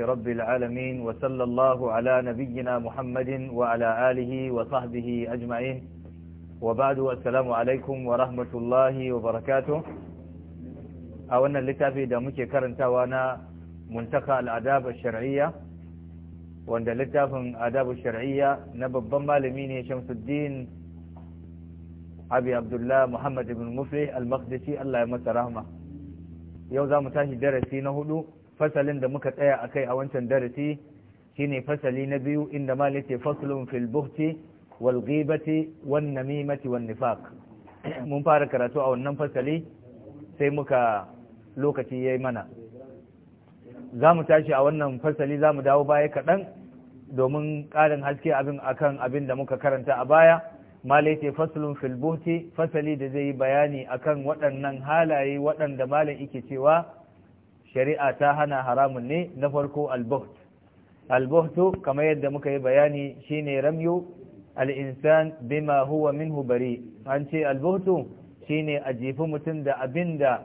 رب العالمين وصلى الله على نبينا محمد وعلى آله وصحبه أجمعين وبعد السلام عليكم ورحمة الله وبركاته أولا لتافي دمك كرنتا وانا منتقى الأداب الشرعية وأن لتاف أداب الشرعية نبب مالمين شمس الدين أبي عبد الله محمد بن مفلح المقدسي الله يمت رحمه يوزا متاشي درسي نهدو fasalin da muka tsaya a kai a wancan darasi shine fasali na biyu inda ma yace faslun fil buhti wal ghibati wan namimati mun fara karatu a wannan fasali sai muka lokaci yayi mana za mu tashi a wannan fasali za mu dawo baya kaɗan domin ƙarin haske abin akan abin da muka karanta a baya malai ce fasalin filbuti fasali da zai yi bayani akan waɗannan halaye waɗanda malam ike cewa shari'a ta hana haramun ne na farko albuht albuhtu kamar yadda muka yi bayani shine ramyu al'insan bima huwa minhu bari an ce albuhtu shine a jefi mutum da abin da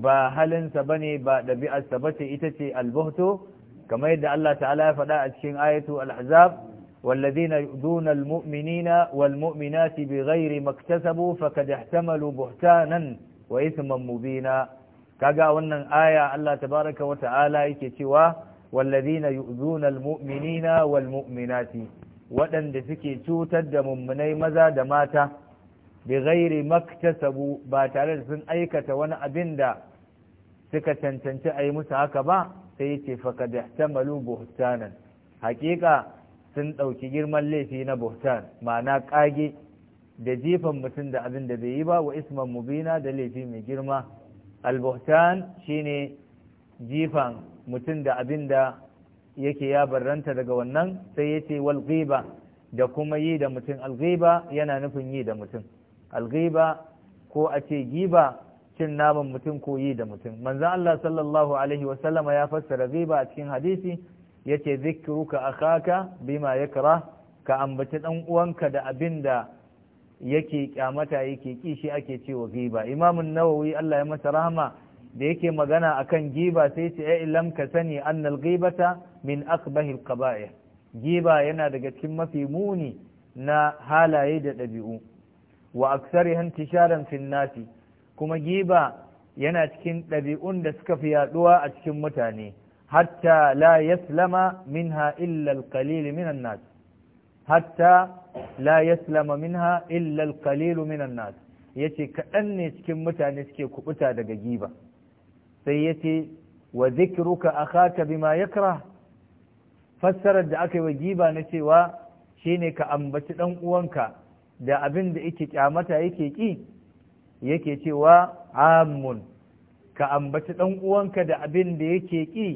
ba halinsa bane ba ɗabi'arsa ba ce ita ce albuhtu kamar yadda Allah ta'ala ya faɗa a cikin ayatu al-ahzab والذين يؤذون المؤمنين والمؤمنات بغير ما اكتسبوا فقد احتملوا بهتانا وإثما مبينا kaga wannan aya Allah tabaraka wa ta'ala yake cewa wallazina yu'zuna almu'minina walmu'minati waɗanda suke cutar da mummunai maza da mata bi ghairi maktasabu ba tare da sun aikata wani abin da suka cancanci a yi musu haka ba sai yace da tamalu buhtanan haƙiƙa sun ɗauki girman laifi na buhtan ma'ana ƙage da jifan mutum da abin da bai yi ba wa isman mubina da laifi mai girma albuhtan shine jifan mutum da abin da yake ya barranta daga wannan sai ya ce wal ghiba da kuma yi da mutum Algiba yana nufin yi da mutum Algiba ko a ce giba cin naman mutum ko yi da mutum manzan Allah sallallahu alaihi wa ya fassara giba a cikin hadisi yace ka akaka bima yakra ka ambaci dan uwanka da abin da yake kyamata yake kishi ake cewa giba imamun nawawi Allah ya masa rahama da yake magana akan giba sai ce ai lam ka sani annal ghibata min akbahil qaba'ih giba yana daga cikin mafi muni na halaye da ɗabi'u wa aksari hantisharan fin nasi kuma giba yana cikin ɗabi'un da suka fi yaɗuwa a cikin mutane hatta la yaslama minha illa alqalil min nas hatta la yaslama minha illa al min minan nas yace kaɗan ne cikin mutane suke kubuta daga giba sai yace wa dhikruka akhaka bima yakrah fassarar da aka yi wa giba na cewa shine ka ambaci dan uwanka da abin da yake kyamata yake ki yake cewa amun ka ambaci dan uwanka da abin da yake ki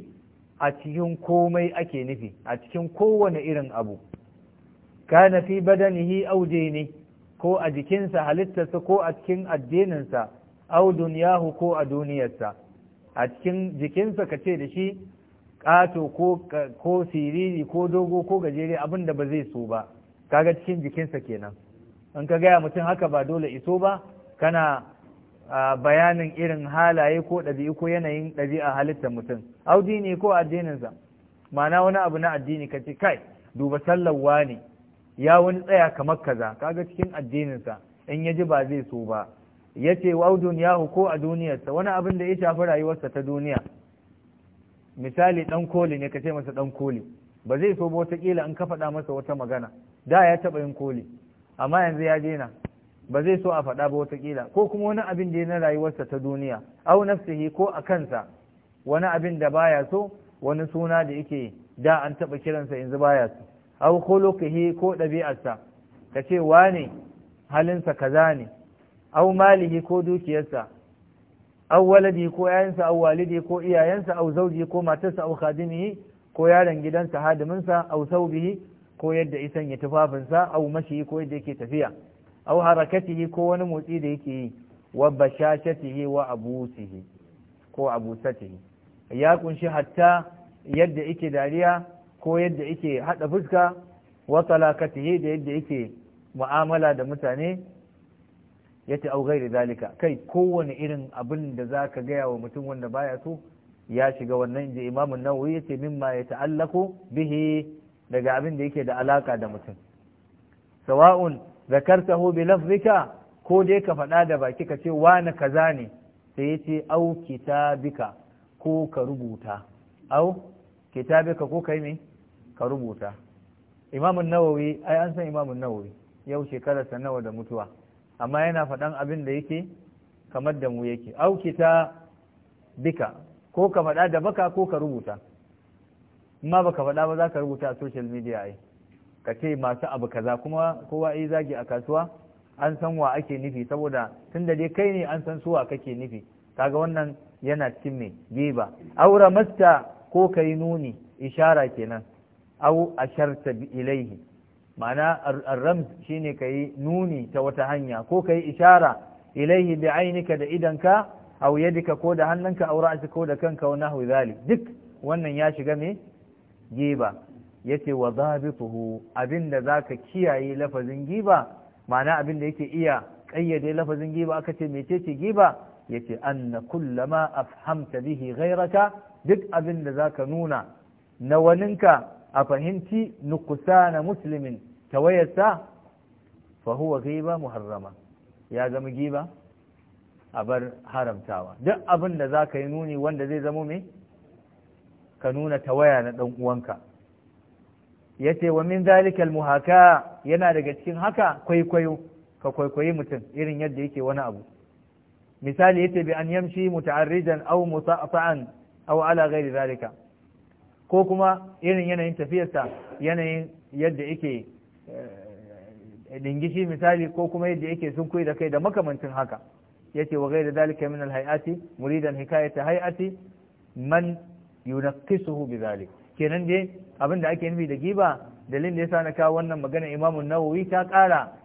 a cikin komai ake nufi a cikin kowane irin abu kana fi badanihi aw dini ko a jikinsa halittarsa ko a cikin addininsa aw dunyahu ko a duniyarsa a cikin jikinsa ka ce da shi ƙato ko siriri ko dogo ko gajere abinda ba zai so ba kaga cikin jikinsa kenan in ka gaya mutum haka ba dole iso ba kana bayanin irin halaye ko ɗabi'u ko yanayin ɗabi'a halittar mutum audi ne ko addininsa ma'ana wani abu na addini ka kai duba sallar ne. ya wani tsaya kamar kaza kaga cikin addininsa in ya ji ba zai so ba ya ce wa duniyahu ko a duniyarsa wani abin da ya shafi rayuwarsa ta duniya misali dan koli ne ka ce masa dan koli ba zai so ba wataƙila in ka faɗa masa wata magana da ya taɓa yin koli amma yanzu ya daina ba zai so a faɗa ba wataƙila ko kuma wani abin da ya na rayuwarsa ta duniya au nafsihi ko a kansa wani abin da baya so wani suna da yake da an taɓa kiransa yanzu baya so aw khuluqihi ko ɗabi'arsa ka ce wane halinsa kaza ne aw malihi ko dukiyarsa aw waladi ko yayansa aw walidi ko iyayensa aw zauji ko matarsa aw khadimihi ko yaron gidansa hadiminsa aw saubihi ko yadda isan ya tufafinsa aw mashi ko yadda yake tafiya aw harakatihi ko wani motsi da yake yi wa bashashatihi wa abusihi ko abusatihi ya kunshi hatta yadda yake dariya ko yadda yake haɗa fuska wa talakatihi da yadda yake mu'amala da mutane yace au da zalika kai kowane irin abin da zaka gaya wa mutum wanda baya so ya shiga wannan inji imamu nawawi yace mimma ya ta'allaku bihi daga abin da yake da alaka da mutum sawa'un zakartahu bi lafzika ko dai ka faɗa da baki ka ce wani kaza ne sai yace au kitabika ko ka rubuta au kitabika ko kai me ka rubuta imamun nawawi ai an san imamun nawawi yau shekararsa nawa da mutuwa amma yana faɗan abin da yake kamar da mu yake aukita bika ko ka faɗa da baka ko ka rubuta ma baka faɗa ba za ka rubuta a social media ai ka ce masu abu kaza kuma kowa yi zagi a kasuwa an san wa ake nufi saboda tun da dai kai ne an san wa kake nufi kaga wannan yana cikin me giba aura masta ko kai nuni ishara kenan au asharta ilaihi ma'ana ar shine kai nuni ta wata hanya ko kai ishara ilaihi bi ainika da idanka au yadika ko da hannunka au ra'sika ko da kanka wa nahwi zalik duk wannan ya shiga me giba yace wa dhabituhu abinda zaka kiyaye lafazin giba ma'ana abinda yake iya kayyade lafazin giba aka ce mecece giba yace anna kullama afhamta bihi ghayraka duk abinda zaka nuna na waninka a fahimci nukusa na musulmin tawayarsa fa huwa muharrama ya zama giba a bar haramtawa duk abin da za ka yi nuni wanda zai zama mai ka nuna tawaya na ɗan uwanka ya ce wa min zalikal muhaka yana daga cikin haka kwaikwayo ka kwaikwayi mutum irin yadda yake wani abu misali ya ce bi an yamshi muta'arrijan aw musa'an aw ala ghairi zalika ko kuma irin yanayin tafiyarsa yanayin yadda yake eh, dingishi misali ko kuma yadda yake sun da kai da makamancin haka yace wa da dalika min alhayati muridan hikayata hayati man yunaqqisuhu bidhalik kenan dai abin da ake nufi da giba dalilin da yasa na kawo wannan magana imamu Nawawi ta ƙara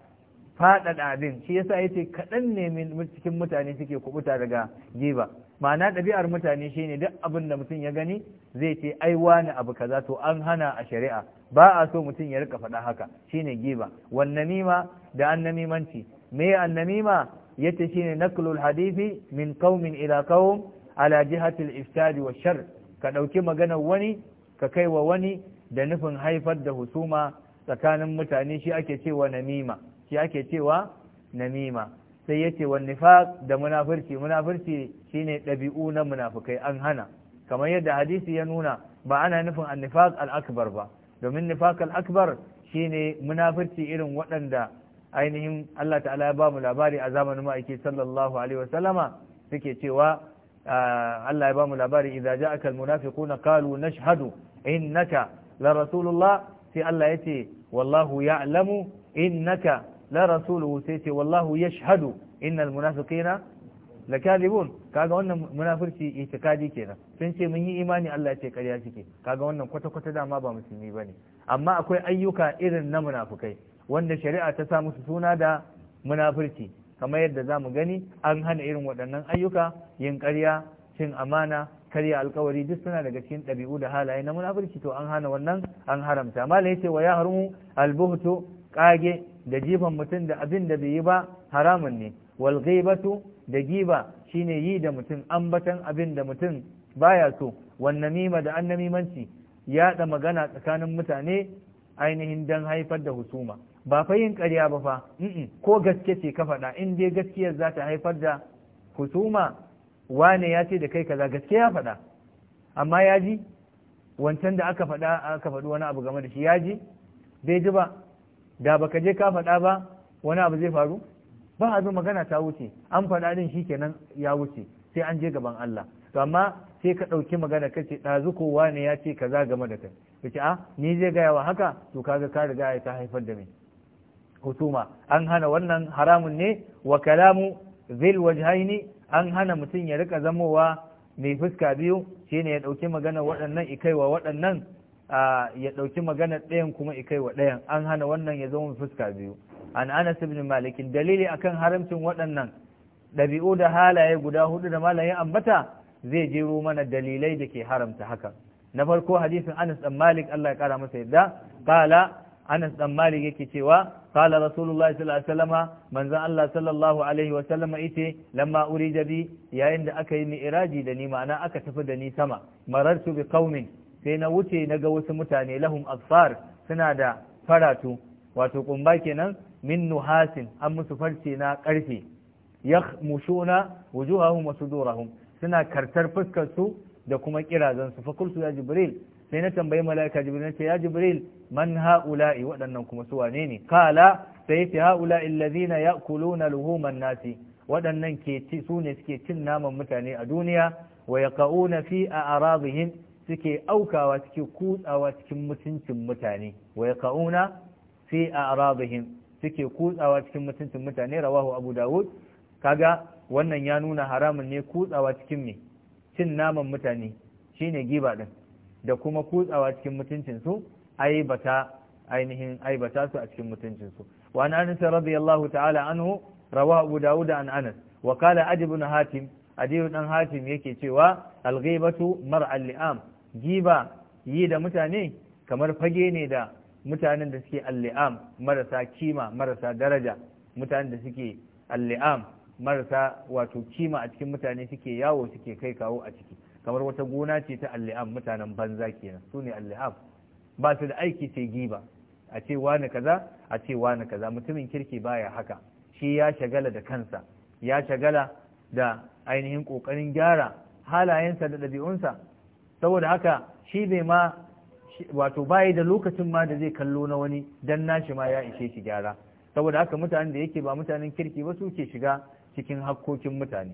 faɗaɗa abin shi yasa yace kaɗan ne cikin mutane suke kubuta daga giba ma'ana ɗabi'ar mutane shine duk abin da mutum ya gani zai ce ai wani abu kaza to an hana a shari'a ba a so mutum ya rika faɗa haka shine giba wan namima da annamimanci me annamima yace shine naklul hadisi min qaumin ila qaum ala jihati al wa shar ka ɗauki maganar wani ka kai wa wani da nufin haifar da husuma tsakanin mutane shi ake cewa namima shi ake cewa namima sai ya ce wani da munafurci munafurci shine ɗabi'u na munafukai an hana kamar yadda hadisi ya nuna ba ana nufin annifaq al-akbar ba domin nifaq akbar shine munafurci irin waɗanda ainihin Allah ta'ala ya ba mu labari a zamanin ma'aiki sallallahu alaihi wa sallama suke cewa ah, Allah ya ba mu labari idza ja'aka al-munafiquna qalu nashhadu innaka la rasulullah sai Allah yace wallahu ya'lamu innaka la rasuluhu sai ce wallahu yashhadu innal munafiqina lakadibun kaga wannan munafirci itikadi kenan sun ce mun yi imani Allah ce ƙarya kike kaga wannan kwata kwata dama ba musulmi bane amma akwai ayyuka irin na munafukai wanda shari'a ta sa musu suna da munafirci kamar yadda za mu gani an hana irin waɗannan ayyuka yin ƙarya cin amana karya alkawari duk suna daga cikin ɗabi'u da halaye na munafurci to an hana wannan an haramta mala yace wa ya harumu albuhtu kage da jifan mutum da abin da bai yi ba haramun ne wal ghaibatu da giba shine yi da mutum ambatan abin da mutum baya so wan namima da annamimanci yaɗa magana tsakanin mutane ainihin dan haifar da husuma ba fa yin ƙarya ba fa ko gaske ce ka faɗa in dai gaskiyar za ta haifar da husuma wane ya ce da kai kaza gaske ya faɗa amma ya ji wancan da aka faɗa aka faɗi wani abu game da shi ya ji bai ji ba da baka je ka faɗa ba wani abu zai faru ba a zo magana ta wuce an faɗa din shi kenan ya wuce sai an je gaban Allah to amma sai ka ɗauki magana ka ce ɗazu kowa ne ya ce kaza game da kai ka ce a ni zai gaya wa haka to kaga ka riga ya ta haifar da mai Hutuma an hana wannan haramun ne wa kalamu zil wajhaini an hana mutum ya rika zamowa mai fuska biyu shine ya ɗauki magana waɗannan ikaiwa waɗannan ya ɗauki magana ɗayan kuma kai wa ɗayan an hana wannan ya zama fuska biyu an anas ibn malik dalili akan haramcin waɗannan ɗabi'u da halaye guda hudu da malam ya ambata zai jero mana dalilai da ke haramta haka na farko hadisin anas dan malik Allah ya kara masa yadda qala anas dan malik yake cewa قال رسول allah صلى الله عليه وسلم من ذا الله صلى الله عليه da ايتي لما ni بي da ni اكاي ميراجي دني معنى اكا تفي دني bi sai na wuce na ga wasu mutane lahum asfar suna da faratu wato kumba kenan min nuhasin an musu farce na karfe yakhmushuna wujuhahum wa sudurahum suna kartar fuskar su da kuma kirazan su fakultu ya jibril sai na tambayi malaika jibril ce ya jibril man haula'i waɗannan kuma su wane ne kala sai yace haula'i alladhina ya'kuluna luhuman nasi waɗannan ke ci sune suke cin naman mutane a duniya wa yaqauna fi a'radihim suke aukawa suke kutsawa cikin mutuncin mutane wa yaqauna fi a'radihim suke kutsawa cikin mutuncin mutane rawahu abu dawud kaga wannan ya nuna haramun ne kutsawa cikin me cin naman mutane shi ne giba ɗin. da kuma kutsawa cikin mutuncinsu aibata su a cikin mutuncinsu. Wani wa an rabi radiyallahu ta'ala anhu rawahu abu dawud an anas wa qala na hatim adiyu dan hatim yake cewa al mar'al li'am giba yi da mutane kamar fage ne da mutanen da suke alli'am marasa kima marasa daraja mutanen da suke alli'am marasa wato kima a cikin mutane suke yawo suke kai kawo a ciki kamar wata gona ce ta alli'am mutanen banza kenan su ne alli'am ba su da aiki sai giba a ce wani kaza a ce wani kaza mutumin kirki baya haka shi ya shagala da kansa ya shagala da ainihin kokarin gyara halayensa da ɗabi'unsa saboda haka shi bai ma wato bayi da lokacin ma da zai kallo na wani dan nashi ma ya ishe shi gyara saboda haka mutanen da yake ba mutanen kirki ba su ke shiga cikin hakkokin mutane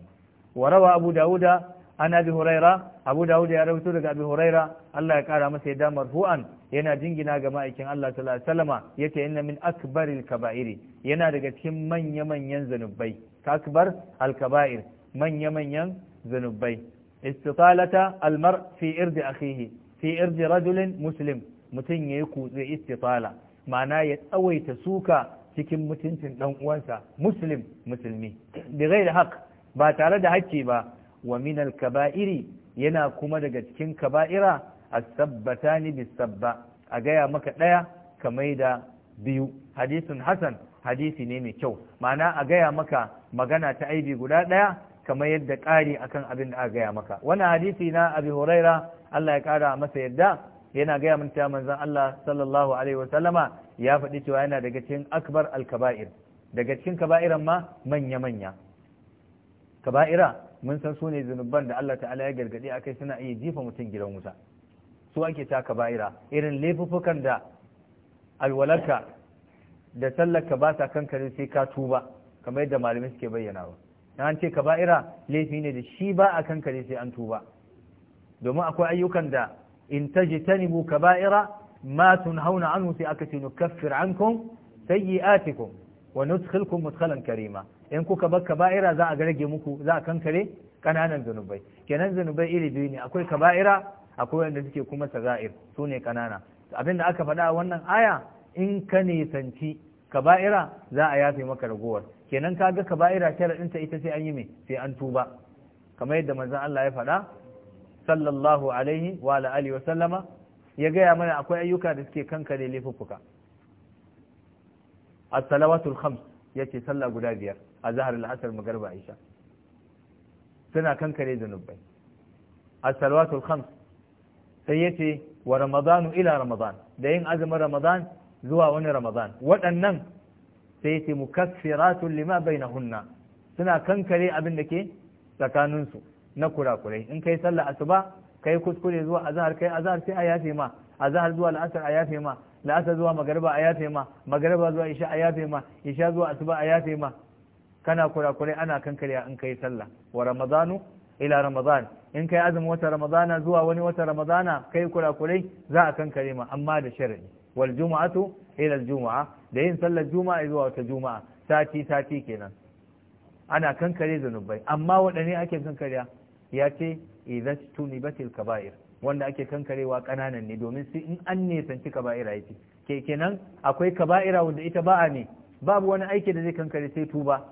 warawa abu dawuda an abi huraira abu dawuda ya rawaito daga abi huraira Allah ya kara masa yadda marfu'an yana jingina ga ma'aikin Allah sallallahu alaihi wasallama yace inna min akbaril kaba'iri yana daga cikin manya manyan zanubai ka akbar Alkaba'ir manya manyan zanubai istitalata almar fi irdi akhihi fi irdi rajulin muslim mutum yayi kutse istitala ma'ana ya tsawaita suka cikin mutuncin dan uwansa muslim musulmi bi ghairi haqq ba tare da hakki ba wa kabairi yana kuma daga cikin kaba'ira as-sabbatani bis-sabba a gaya maka ɗaya kamai da biyu hadisin Hassan hadisi ne mai kyau ma'ana a gaya maka magana ta aibi guda ɗaya. kamar yadda ƙari akan abin da aka gaya maka wani hadisi na abi huraira Allah ya ƙara masa yadda yana gaya min ta manzon Allah sallallahu alaihi wasallama ya faɗi cewa yana daga cikin akbar al daga cikin kaba'iran ma manya manya kaba'ira mun san su ne zunuban da Allah ta'ala ya gargaɗi akai suna iya jifa mutum gidan wuta su ake ta kaba'ira irin laifuffukan da alwalarka da sallaka ba ta kankare sai ka tuba kamar yadda malamai suke bayyana ba an ce kaba'ira laifi ne da shi ba a kanka ne sai an tuba domin akwai ayyukan da in tajtanibu kaba'ira ma hauna an wuce aka ce nukaffir ankum atiku wa nudkhilkum mudkhalan karima in kuka bar kaba'ira za a rage muku za a kankare kananan zanubai kenan zanubai iri biyu ne akwai kaba'ira akwai wanda suke kuma saza'ir su ne kanana abinda aka faɗa wannan aya in ka nisanci kaba'ira za a yafe maka ragowar kenan ka ga kaba'ira sharaɗinta ita sai an yi mai sai an tuba kamar yadda manzon Allah ya faɗa sallallahu alaihi wa alihi wa sallama ya gaya mana akwai ayyuka da suke kanka da lifuffuka as-salawatul khams yace sallah guda biyar a zahar al-asr magharib aisha suna kankare zanubai as-salawatul khams sai yace wa ramadanu ila ramadan da yin azumin ramadan zuwa wani ramadan waɗannan sai ce mukaffiratun lima bainahunna suna kankare abin da ke tsakaninsu na kurakurai in kai sallah asuba kai kuskure zuwa azhar kai azhar sai a yafe ma azhar zuwa la'asar a yafe ma la'asar zuwa magariba a yafe ma magariba zuwa isha a yafe ma isha zuwa asuba a yafe ma kana kurakurai ana kankare in kai sallah wa ramadanu ila ramadan in kai azumin wata ramadana zuwa wani wata ramadana kai kurakurai za a kankare ma amma da sharadi wal juma'atu ila al juma'a da yin sallar juma'a zuwa wata juma'a sati sati kenan ana kankare zanubai amma wadane ake kankariya ya ce idza tunibatil kaba'ir wanda ake kankarewa kananan ne domin sai in an ne nisanci kaba'ira yace ke kenan akwai kaba'ira wanda ita ba'a ne babu wani aiki da zai kankare sai tuba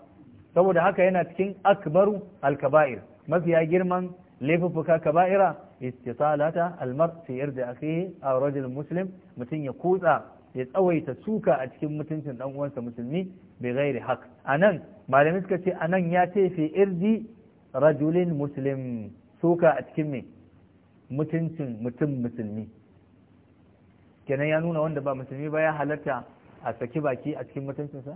saboda haka yana cikin akbaru alkaba'ir, kaba'ir mafiya girman laifuffuka kaba'ira istitalata almar fi irda akhihi aw rajul muslim mutun ya kutsa ya tsawaita suka a cikin mutuncin dan uwansa musulmi bi ghairi haq anan malamin suka ce anan ya ce fi irdi rajulin muslim suka a cikin me mutuncin mutum musulmi kenan ya nuna wanda ba musulmi ba ya halatta a saki baki a cikin mutuncinsa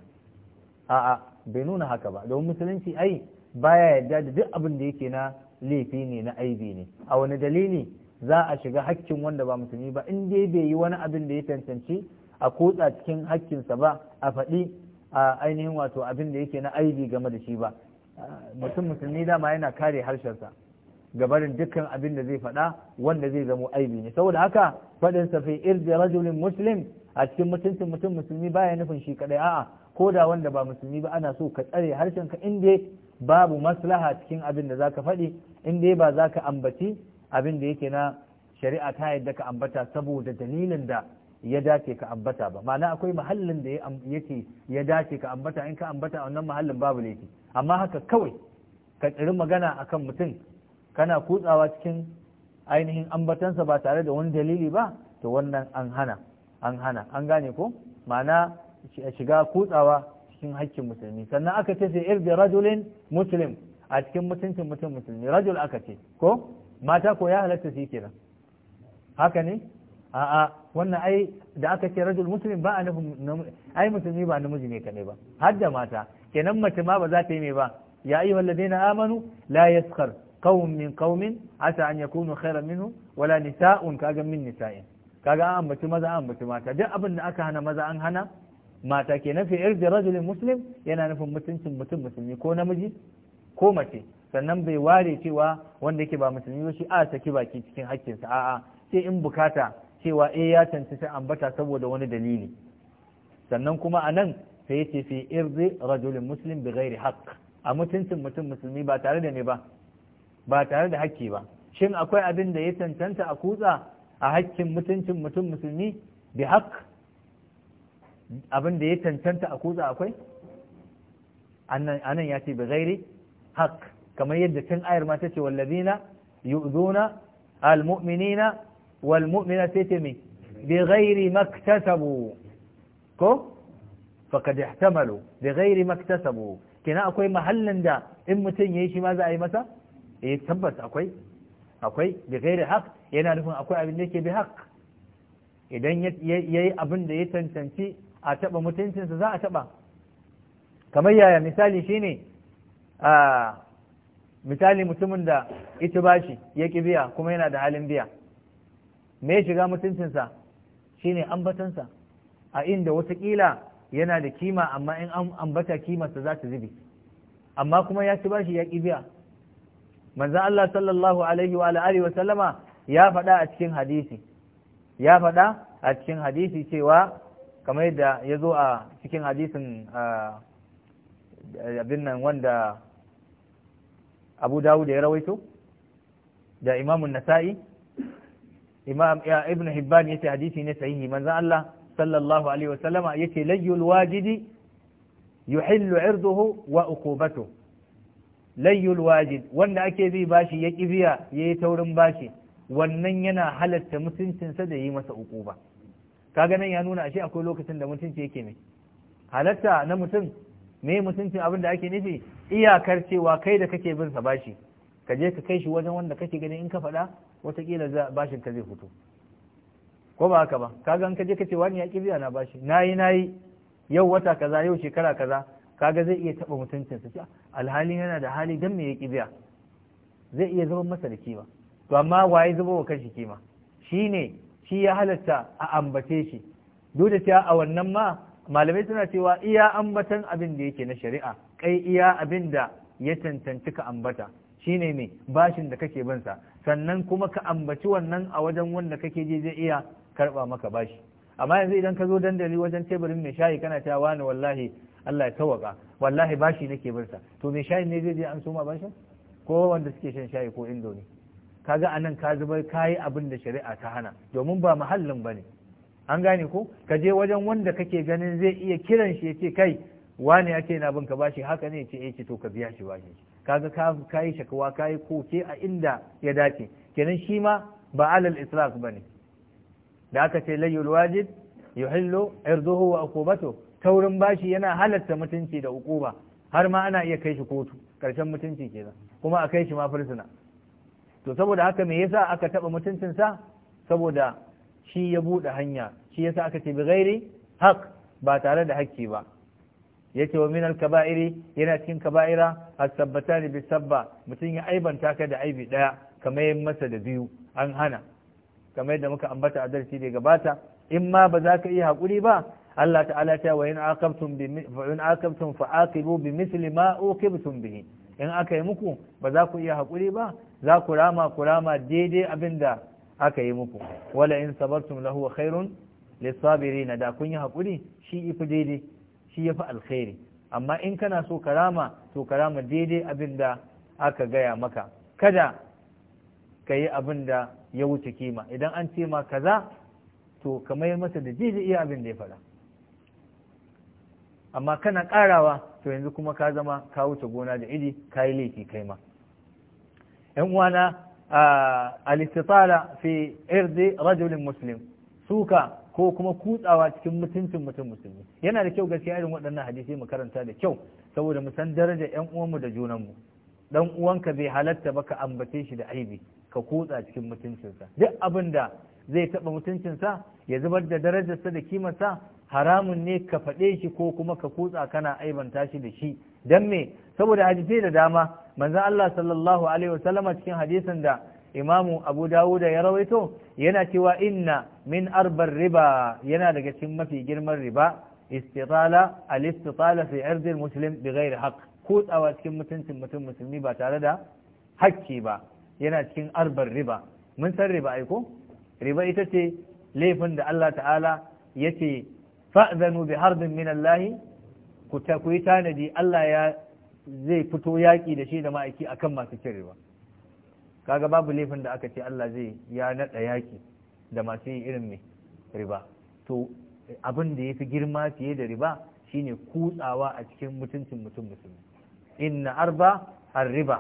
a'a bai nuna haka ba domin musulunci ai baya yarda da duk abin da yake na laifi ne na aibi ne a wani dalili za a shiga hakkin wanda ba musulmi ba in dai bai yi wani abin da ya tantance a kotsa cikin hakkinsa ba a faɗi a ainihin wato abin da yake na aibi game da shi ba mutum musulmi dama yana kare harshensa gabarin dukkan abin da zai faɗa wanda zai zamo aibi ne saboda haka faɗin sa fi irji rajulin muslim a cikin mutuncin mutum musulmi baya nufin shi kaɗai. a'a ko da wanda ba musulmi ba ana so ka tsare harshen ka inda babu maslaha cikin abin da zaka faɗi in dai ba za ka ambaci abin da yake na shari'a ta yadda ka ambata saboda dalilin da ya dace ka ambata ba ma'ana akwai mahallin da yake ya dace ka ambata in ka ambata a wannan mahallin babu laifi amma haka kawai ka tsiri magana akan mutum kana kutsawa cikin ainihin ambatansa ba tare da wani dalili ba to wannan an hana an hana an gane ko ma'ana shiga kutsawa cikin haƙƙin musulmi sannan aka ce sai irbi rajulin muslim a cikin mutuncin mutum musulmi rajul aka ce ko mata ko ya halatta su kenan haka ne a'a wannan ai da aka ce rajul muslim ba a nufin ai musulmi ba namiji ne kadai ba har da mata kenan mace ma ba za ta yi mai ba ya ayyuhal na amanu la yaskhar qaumun min qaumin asa an yakunu khairan minhu wala nisa'un kaga min nisa'in kaga an ambaci maza an ambaci mata duk abin da aka hana maza an hana mata kenan fi irdi rajulin muslim yana nufin mutuncin mutum musulmi ko namiji ko mace sannan bai ware cewa wanda yake ba musulmi ba shi a saki baki cikin haƙƙinsa. a'a sai in bukata cewa eh ya cancanci ambata saboda wani dalili sannan kuma a nan sai ya ce fi irzi rajulin muslim bi ghairi haqq a mutuncin mutum musulmi ba tare da ne ba ba tare da hakki ba shin akwai abin da ya cancanta a kutsa a hakkin mutuncin mutum musulmi bi haqq abin da ya cancanta a kutsa akwai anan ya ce bi ghairi haq kamar yadda can ayar ma tace wallazina yu'zuna almu'minina walmu'minati sai ce me bighairi maktasabu ko faqad ihtamalu bighairi maktasabu kina akwai mahallin da in mutum yayi shi ma za a yi masa eh tabbas akwai akwai bighairi haq yana nufin akwai abin da yake bi haq idan yayi abin da ya tantance a taba mutuncinsa za a taba kamar yaya misali shine a misali mutumin da ita bashi ya ki biya kuma yana da halin biya me shiga mutuncinsa shine ambatansa a inda watakila yana da kima amma in an ambata kimarsa za ta zubi amma kuma ya ci bashi ya ki biya manzan Allah sallallahu alaihi wa alihi wa sallama ya faɗa a cikin hadisi ya faɗa a cikin hadisi cewa kamar yadda ya zo a cikin hadisin abin nan wanda abu dawud ya rawaito da imamun nasa'i imam ya ibn hibban yace hadisi ne sahihi manzon Allah sallallahu alaihi wasallama yace layyul wajidi yuhillu irduhu wa uqubatuhu layyul wajid wanda ake bi bashi ya kibiya yayi taurin bashi wannan yana halatta mutuncinsa da yi masa ukuba kaga nan ya nuna ashe akwai lokacin da mutunci yake mai halatta na mutum me mutuncin abin da ake nufi iyakar cewa kai da kake bin sa bashi ka je ka kai shi wajen wanda kake ganin in ka faɗa watakila bashin ka zai fito ko ba haka ba kaga in ka je ka ce wani ya kibiya na bashi nayi nayi yau wata kaza yau shekara kaza Ka ga zai iya taba mutuncinsa ce alhali yana da hali dan me ya kibiya zai iya zama masa da kima to amma waye zuba wa kanshi kima shine shi ya halatta a ambace shi duk da cewa a wannan ma malamai suna cewa iya ambatan abin da yake na shari'a kai iya abin da ya cancanci ka ambata shine mai bashin da kake bansa sannan kuma ka ambaci wannan a wajen wanda kake je zai iya karba maka bashi amma yanzu idan ka zo dandali wajen teburin mai shayi kana cewa wani wallahi Allah ya tawaka wallahi bashi nake bansa to mai shayi ne zai je an soma bashin ko wanda suke shan shayi ko indomi kaga anan ka zubar kayi abin da shari'a ta hana domin ba muhallin bane an gane ko ka je wajen wanda kake ganin zai iya kiran shi ya ce kai wane ake na bin ka bashi haka ne ce eh to ka biya shi bashi kaga ka kai shakawa kai koke a inda ya dace kenan shi ma ba alal israf bane da aka ce layyul wajib yuhillu irduhu wa uqubatu taurin bashi yana halatta mutunci da ukuba har ma ana iya kai shi kotu karshen mutunci kenan kuma a kai shi ma fursuna to saboda haka me yasa aka taba mutuncinsa saboda shi ya buɗe hanya shi yasa aka ce bi gairi haq ba tare da hakki ba ce wa min al-kaba'iri yana cikin kaba'ira a sabbatani bi sabba mutum ya aibanta ka da aibi ɗaya. kamar yin masa da biyu an hana kamar yadda muka ambata a darasi da gabata in ma ba za ka iya haƙuri ba Allah ta'ala ta wa in aqabtum in fa aqibu bi misli ma uqibtum bihi in aka yi muku ba za ku iya hakuri ba za ku rama ku rama daidai abinda aka yi muku wala in sabartum lahu khairun lissabiri na da kun yi haƙuri shi ifi daidai shi ya fi alkhairi amma in kana so karama to karama daidai abinda aka gaya maka kada ka yi abin ya wuce kima idan an ce ma kaza to ka mayar masa da daidai iya abin ya faɗa amma kana ƙarawa to yanzu kuma ka zama ka wuce gona da iri ka yi laifi kai ma yan uwana a fi irdi rajulin muslim suka ko kuma kutsawa cikin mutuncin mutum musulmi yana da kyau gaskiya irin waɗannan hadisi mu karanta da kyau saboda mu san daraja ƴan uwanmu da junanmu dan uwanka bai halatta ba ka ambace shi da aibi ka kutsa cikin mutuncinsa duk abin da zai taɓa mutuncinsa ya zubar da darajarsa da kimarsa haramun ne ka faɗe shi ko kuma ka kutsa kana aibanta shi da shi dan me saboda hadisai da dama manzon Allah sallallahu alaihi wasallama cikin hadisin da imamu abu dawuda ya rawaito yana cewa inna min arbar riba yana daga cikin mafi girman riba istitala al-istitala fi irdil muslim bi ghairi haqq kutsawa cikin mutuncin mutum musulmi ba tare da hakki ba yana cikin arbar riba mun san riba aiko riba ita ce laifin da Allah ta'ala ya ce fa'zanu bi harbin min Allah ku ta ku yi tanadi Allah ya zai fito yaƙi da shi da ma'aiki akan masu cin riba kaga babu laifin da aka ce Allah zai ya naɗa yaƙi da masu yin irin mai riba to abin da ya fi girma fiye da riba shine kutsawa a cikin mutuncin mutum mutum inna arba riba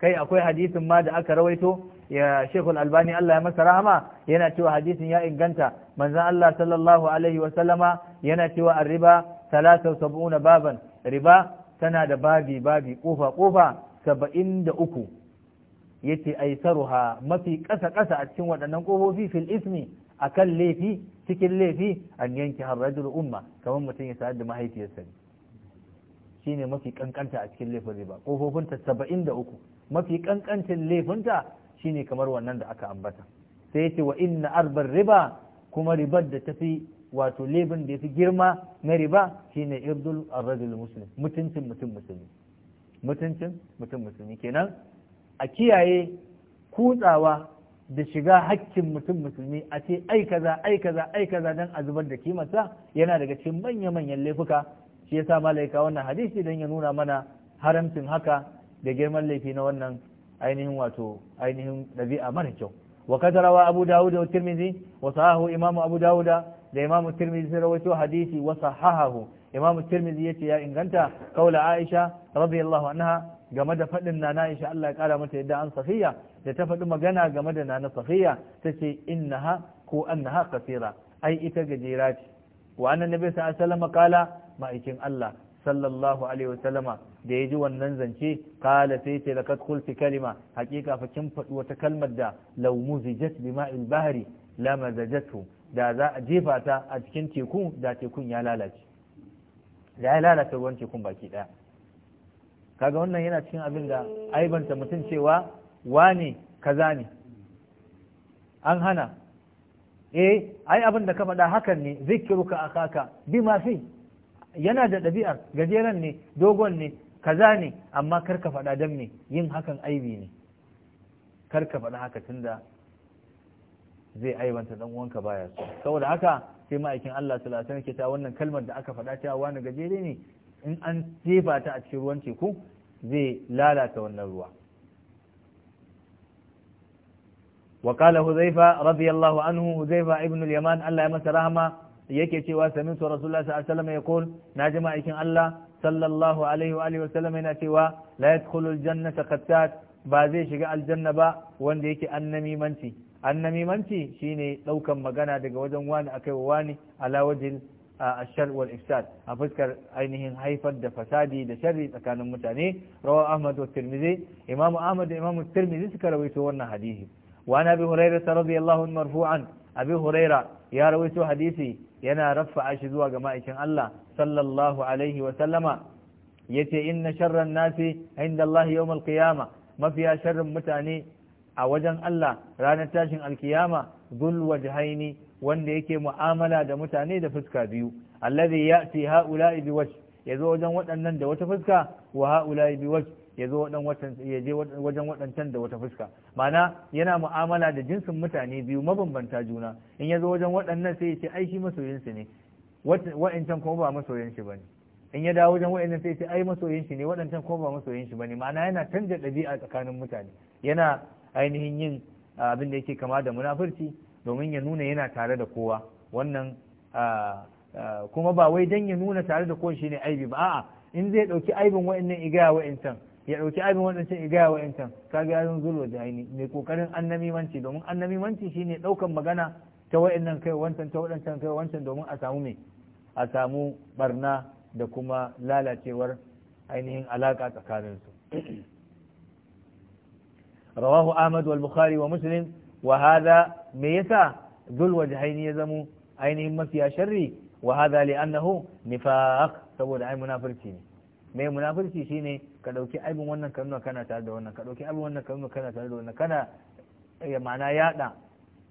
kai akwai hadisin ma da aka rawaito ya shekul albani Allah ya masa rahama yana cewa hadisin ya inganta manzan Allah sallallahu alaihi wa sallama yana cewa riba talatin sab'una baban riba tana da babi babi kofa kofa saba'in da uku yace aisaruha mafi ƙasa ƙasa a cikin waɗannan ƙofofi fil ismi akan laifi cikin laifi an yanki har umma kamar mutum ya sa'ad da mahaifiyarsa ne ne mafi ƙanƙanta a cikin laifin riba ƙofofinta saba'in da uku mafi kankancin laifinta shine kamar wannan da aka ambata sai yace wa inna arbar riba kuma ribar da tafi wato laifin da yafi girma na riba shine irdul ar muslim mutuncin mutum musulmi mutuncin mutum musulmi kenan a kiyaye kutsawa da shiga hakkin mutum musulmi a ce ai kaza ai kaza ai kaza dan a zubar da kimarsa yana daga cikin manya manyan laifuka shi yasa malaika wannan hadisi dan ya nuna mana haramcin haka da girman laifi na wannan ainihin wato ainihin ɗabi'a mara kyau wa kada rawa abu dawud da tirmidhi wa sahahu imamu abu dawud da imamu tirmidhi sun rawaito hadisi wa sahahu imamu tirmidhi yace ya inganta kaula aisha radiyallahu anha game da faɗin nana Aisha Allah ya ƙara mata yadda an safiya da ta faɗi magana game da nana safiya ta ce innaha ko annaha kasira ai ita gajera ce wa annan nabi sallallahu alaihi wasallam kala ma'aikin Allah sallallahu alaihi wasallama da ya ji wannan zance kala sai ce lakat kulti kalima hakika fa kin faɗi wata kalmar da law muzijat bima'il bahri la da za a jefa ta a cikin teku da tekun ya lalace da ya lalata ruwan tekun baki daya kaga wannan yana cikin abin da aibanta mutum cewa wane kaza ne an hana eh ai abin da ka faɗa hakan ne zikiruka akaka bi ma fi yana da ɗabi'ar gajeren ne dogon ne kaza ne amma kar ka faɗa dan me yin hakan aibi ne kar ka faɗa haka tun da zai aibanta dan uwanka baya saboda haka sai ma'aikin Allah sallallahu alaihi wasallam ke ta wannan kalmar da aka faɗa cewa wani gajere ne in an jefa ta a cikin ruwan teku zai lalata wannan ruwa وقال Huzaifa رضي الله عنه هذيفة ابن اليمان الله يمس رحمه yake cewa sami'tu rasulullahi sallallahu alaihi wasallam yaqul na jima aikin Allah sallallahu alaihi wa alihi wasallam yana cewa la yadkhulu aljannata qattat ba zai shiga aljanna ba wanda yake annamimanci annamimanci shine daukan magana daga wajen wani akai wa wani ala wajin a ashar wal ifsad a fuskar ainihin haifar da fasadi da sharri tsakanin mutane rawa ahmad wa tirmidhi imam ahmad da imam tirmidhi suka rawaito wannan hadisi wa ana bi hurairah radiyallahu anhu marfu'an abi hurairah ya rawaito hadisi yana rafa'a shi zuwa ga ma'aikin Allah sallallahu alaihi wa sallama yace inna sharran nasi inda Allah yawm al-qiyama mafiya sharrin mutane a wajen Allah ranar tashin alkiyama dhul wajhaini wanda yake mu'amala da mutane da fuska biyu allazi ya'ti ha'ula'i bi wajh yazo wajen waɗannan da wata fuska wa ha'ula'i bi wajh yazo wajen waɗancan da wata fuska ma'ana yana mu'amala da jinsin mutane biyu mabambanta juna in yazo wajen waɗannan sai ya ce ai shi masoyin su ne wa'ancan kuma ba masoyin shi bane in ya dawo wajen wa'annan sai ya ce ai masoyin shi ne waɗancan kuma ba masoyin shi bane ma'ana yana canja ɗabi'a tsakanin mutane yana ainihin yin abin da yake kama da munafurci domin ya nuna yana tare da kowa wannan kuma ba wai dan ya nuna tare da kowa shine aibi ba a'a in zai ɗauki aibin wa'annan igaya wa'incan ya ɗauki aibin waɗancan igaya wa'incan kaga ya zan zulo da aini mai kokarin annamimanci domin annamimanci ne ɗaukan magana ta wa'annan kai wancan ta waɗancan kai wancan domin a samu me a samu barna da kuma lalacewar ainihin alaka tsakaninsu rawahu رواه أحمد والبخاري wa وهذا me yasa dul wajhaini ya zamo ainihin mafiya sharri wa hadha li annahu nifaq saboda ai munafirci ne me munafirci shine ka dauki aibin wannan kalma kana tare da wannan ka dauki aibin wannan kalma kana tare da wannan kana ya eh, ma'ana yada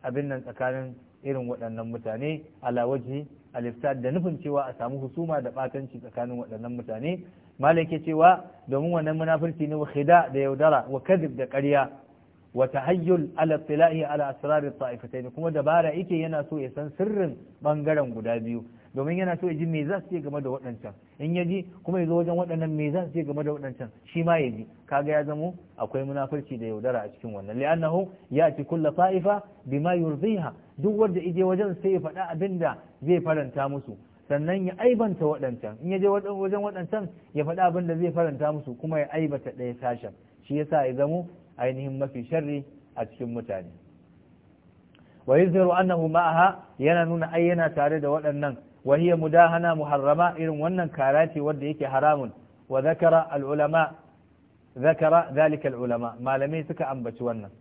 abin nan tsakanin irin waɗannan mutane ala waji alifsad da nufin cewa a samu husuma da batanci tsakanin waɗannan mutane malai cewa domin wannan munafirci ne wa khida da yaudara wa kadib da ƙarya wa tahayyul ala tilahi ala asrarin ta'ifatayn kuma dabara yake yana so ya san sirrin ɓangaren guda biyu domin yana so ya ji me za su game da waɗancan in ya ji kuma ya zo wajen waɗannan me za game da waɗancan shi ma ya ji kaga ya zamo akwai munafurci da yaudara a cikin wannan li'annahu ya ci kulla ta'ifa bima yurziha duk wanda ije wajen sai ya faɗa abin da zai faranta musu sannan ya aibanta waɗancan in ya je wajen waɗancan ya faɗa abin da zai faranta musu kuma ya aibata ɗaya sashen shi yasa ya zamo ainihin mafi sharri a cikin mutane wa yuzhiru annahu ma'aha yana nuna ai yana tare da waɗannan wa hiya mudahana muharrama irin wannan karati wanda yake haramun wa zakara al ulama zakara zalika al ulama malamai suka ambaci wannan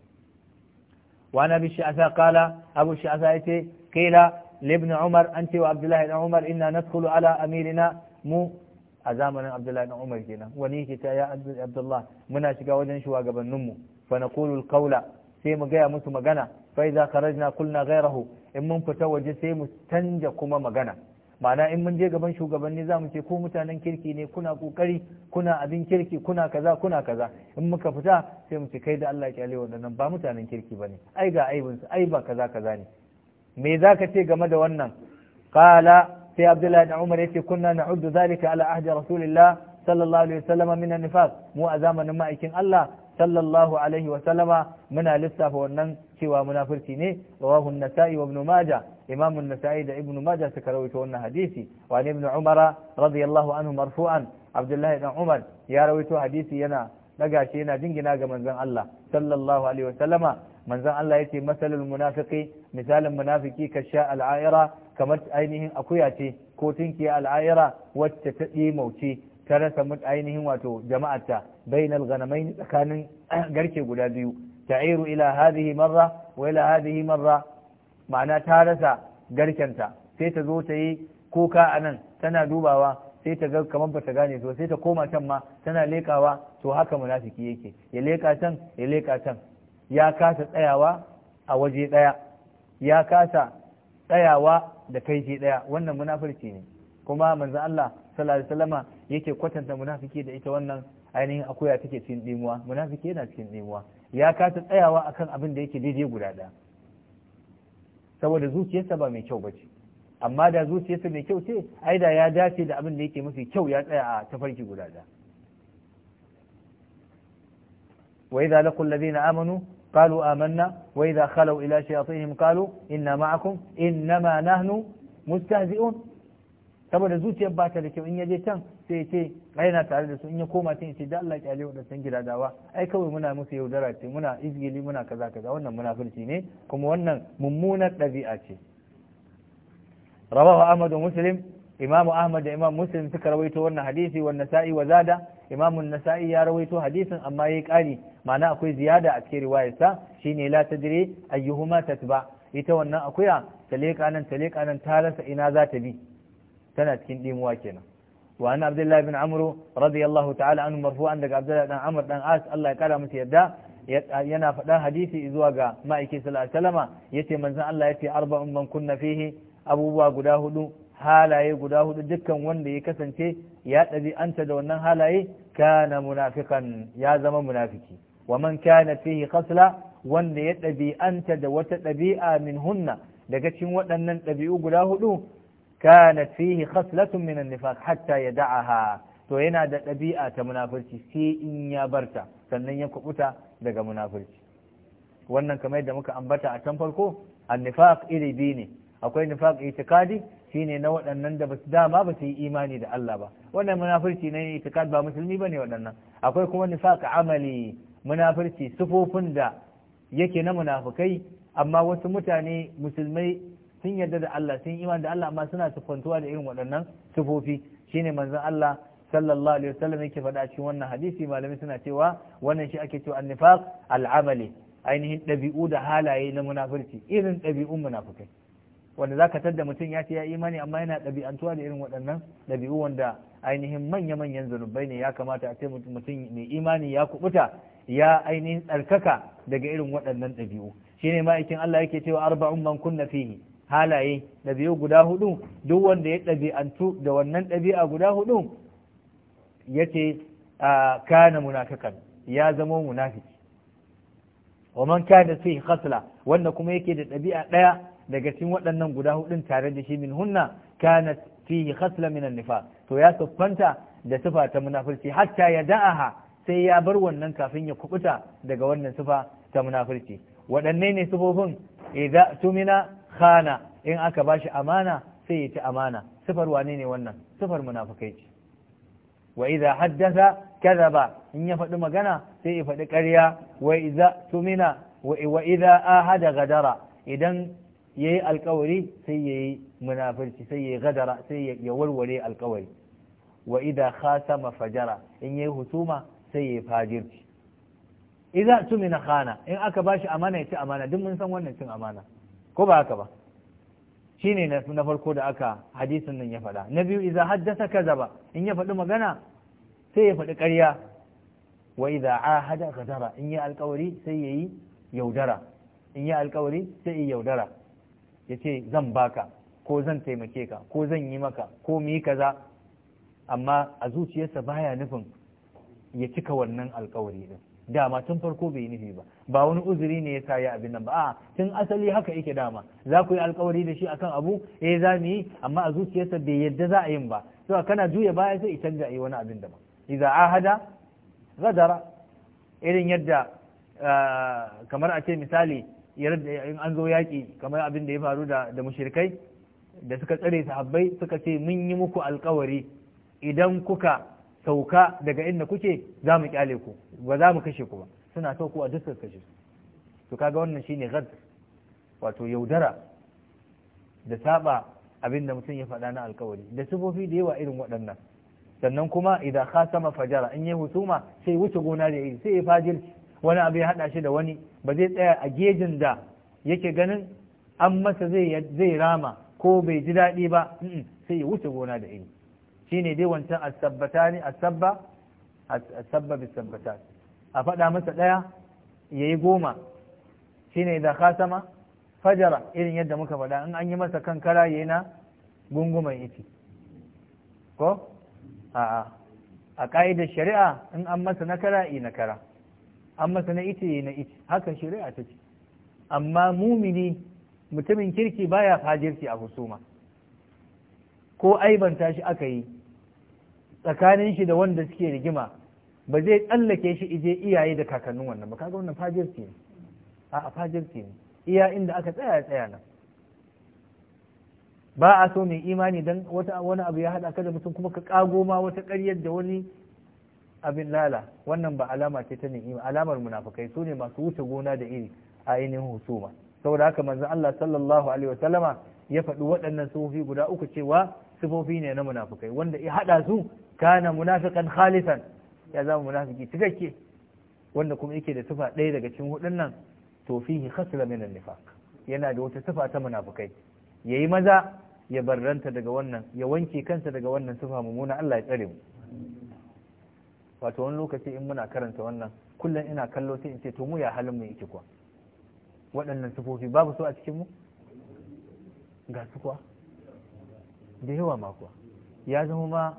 wa nabi shi'asa qala abu shi'asa yace qila li ibn umar anti wa abdullah ibn umar inna nadkhulu ala amirina mu a zamanin abdullahi na umar kenan wani yake ta ya abdullah muna shiga wajen shugabanninmu fa kulul kaula sai mu gaya musu magana Fai za ka kharajna kulna gairahu. in mun fita waje sai mu canja kuma magana ma'ana in mun je gaban shugabanni za mu ce ko mutanen kirki ne kuna kokari kuna abin kirki kuna kaza kuna kaza in muka fita sai mu ce kai da Allah kyale waɗannan ba mutanen kirki bane ai ga aibinsu ai ba kaza kaza ne me za ka ce game da wannan Kala. sai abdullahi da umar yace kunna na na'uddu zalika ala ahdi rasulillah sallallahu alaihi wasallam min an-nifaq mu a zamanin ma'aikin Allah sallallahu alaihi wasallama muna lissafa wannan cewa munafurci ne rawahu an-nasa'i wa ibn majah imam an-nasa'i da ibn majah suka rawaito wannan hadisi wa ibn umar radiyallahu anhu marfu'an abdullahi dan umar ya rawaito hadisi yana daga shi yana jingina ga manzon Allah sallallahu alaihi wasallama manzon Allah ya ce masalul munafiqi misalin munafiki ka sha al'aira kamar ainihin akuya ce ko tinkiya al'aira wacce ta mauci ta rasa ainihin wato jama'arta na ganamai tsakanin garke guda biyu ta'iru ila hadhihi marra wa ila hadhihi marra ma'ana ta rasa garkenta sai ta zo ta yi kuka nan tana dubawa sai ta ga kamar bata gane to sai ta koma can ma tana lekawa to haka munafiki yake ya leka can ya leka can ya kasa tsayawa a waje ɗaya ya kasa tsayawa da kaifi ɗaya wannan munafurci ne kuma manzan Allah sallallahu alaihi yake kwatanta munafiki da ita wannan ainihin akuya take cikin dimuwa munafiki yana cikin dimuwa ya kasa tsayawa akan abin da yake daidai guda ɗaya saboda zuciyarsa ba mai kyau ba ce. amma da zuciyarsa mai kyau ce ai da ya dace da abin da yake mafi kyau ya tsaya a tafarki guda ɗaya wa idza laqul ladina amanu قالوا آمنا وإذا خلوا إلى شياطينهم قالوا إنا معكم إنما نحن مستهزئون saboda zuciyar ba ta da kyau in ya je can sai ya ce ai na tare da su in ya koma can ya ce da Allah ya aliyu da san gida dawa ai kawai muna musu yaudara ce muna izgili muna kaza kaza wannan munafurci ne kuma wannan mummunar ɗabi'a ce rawahu Ahmad wa Muslim Imam Ahmad da Imam Muslim suka rawaito wannan hadisi wanne sai wa Zada imamun nasa'i ya rawaito hadisin amma yayi ƙari mana akwai ziyada a cikin riwayarsa shine la tadri ayyuhuma tatba ita wannan akuya ta leƙa nan ta nan ta rasa ina za ta bi tana cikin dimuwa kenan wa an abdullahi bin amru radiyallahu ta'ala anhu marfu'an daga abdullahi dan amr dan as Allah ya kara masa yadda yana faɗa hadisi zuwa ga ma'aiki sallallahu alaihi wasallama yace manzon Allah yace arba'un man kunna fihi abubuwa guda hudu halaye guda hudu dukkan wanda ya kasance ya ɗabi'anta da wannan halaye kana munafukan ya zama munafiki wa man kana fihi khasla wanda ya ɗabi'anta da wata ɗabi'a min hunna daga cikin waɗannan ɗabi'u guda hudu kana fihi khaslatun min an-nifaq hatta yad'aha to yana da ɗabi'a ta munafurci sai in ya barta sannan ya kubuta daga munafurci wannan kamar yadda muka ambata a can farko an-nifaq iri biyu ne akwai nifaq itikadi ne na waɗannan da basu dama ba su yi imani da Allah ba wannan munafurci ne itikad ba musulmi ne waɗannan akwai kuma nufaƙa amali munafurci sufofin da yake na munafukai amma wasu mutane musulmai sun yarda da Allah sun imani da Allah amma suna sufantuwa da irin waɗannan sufofi shine manzon Allah sallallahu alaihi wasallam yake faɗa a cikin wannan hadisi malamai suna cewa wannan shi ake cewa a nifaq al-amali ainihin ɗabi'u da halaye na munafurci irin ɗabi'un munafukai. wanda ka tadda mutum ya ce ya imani amma yana ɗabi'antuwa da irin waɗannan ɗabi'u wanda ainihin manya-manyan zunubai ne ya kamata a ce mutum mai imani ya kubuta ya ainihin tsarkaka daga irin waɗannan ɗabi'u ne ma'aikin Allah yake cewa arba'un man kunna fihi halaye ɗabi'u guda hudu duk wanda ya ɗabi'antu da wannan ɗabi'a guda hudu yace kana munafikan ya zama munafiki wa man kana fihi khasla wanda kuma yake da ɗabi'a ɗaya daga cikin waɗannan guda hudun tare da shi min hunna kanat fihi khasla min an to ya siffanta da sifa ta munafurci hatta ya da'aha sai ya bar wannan kafin ya kubuta daga wannan sifa ta munafurci waɗanne ne sifofin idza tumina khana in aka bashi amana sai ya ci amana sifar wane ne wannan sifar munafukai ce wa idza haddatha kadhaba in ya faɗi magana sai ya faɗi ƙarya wa idza tumina wa idza ahada gadara idan Yayi yi alkawari sai ya yi munafirci sai ya gadara sai ya warware alkawari wa idan khasama fajara in ya yi husuma sai ya yi fajirci idan tumina khana in aka ba shi amana ya ci amana duk mun san wannan cin amana ko ba haka ba shine na farko da aka hadisin nan ya faɗa na biyu idan haddasa in ya faɗi magana sai ya faɗi ƙarya wa idan ahada gadara in ya alkawari sai ya yaudara in yi alkawari sai yaudara ya ce zan baka ko zan taimake ka ko zan yi maka ko muyi kaza amma a zuciyarsa baya nufin ya cika wannan alkawari din dama tun farko bai nufi ba ba wani uzuri ne ya sa ya abin nan ba a tun asali haka yake dama za ku yi alkawari da shi akan abu eh za mu yi amma a zuciyarsa bai yadda za a yin ba to kana juya baya sai da yi wani abin da ba idza ahada gadara irin yadda ah, kamar a ce misali yarda in an zo yaƙi kamar abin da ya faru da da da suka tsare sahabbai suka ce mun yi muku alkawari idan kuka sauka daga inda kuke za mu kyale ku ba za mu kashe ku ba suna a duk suka kashe to kaga wannan shine ghad wato yaudara da saba abin da mutum ya fada na alkawari da sifofi da yawa irin waɗannan sannan kuma idan khasama fajara in yi husuma sai wuce gona da yi sai ya fajirci wani abu ya haɗa shi da wani ba zai tsaya a gejin da yake ganin an masa zai rama ko bai ji daɗi ba sai ya wuce gona da iri shi ne dai wancan asabbata ne asabba asabba bi sabbata a faɗa masa ɗaya ya yi goma shi ne da kasama fajara irin yadda muka faɗa in an yi masa kankara ya yi na gunguman iti ko a'a a ƙa'idar shari'a in an masa nakara i nakara an masa na ice na ice haka shari'a ta ce amma mumini mutumin kirki baya fajirci a husuma ko aibanta shi aka yi tsakanin shi da wanda suke rigima ba zai tsallake shi ije iyaye da kakannin wannan ba kaga wannan fajirci ne a fajirci ne iya inda aka tsaya tsaya nan ba a so mai imani dan wata wani abu ya haɗa ka da mutum kuma ka kago ma wata ƙaryar da wani abin lala wannan ba alama ce ta ni'ima alamar munafikai su ne masu wuce gona da iri a ainihin husuma saboda haka manzon Allah sallallahu alaihi wa sallama ya faɗi waɗannan sufofi guda uku cewa sufofi ne na munafikai wanda ya haɗa su kana munafiqan khalisan ya zama munafiki cikakke wanda kuma yake da sifa ɗaya daga cikin huɗunnan nan to fihi khasra min nifaq yana da wata sifa ta munafikai yayi maza ya barranta daga wannan ya wanke kansa daga wannan sifa mummuna Allah ya tsare mu wato wani lokaci in muna karanta wannan kullum ina kallo sai in ce to mu ya halin mu yake kuwa waɗannan sifofi babu su a cikin mu ga su kuwa da yawa ma kuwa ya zama ma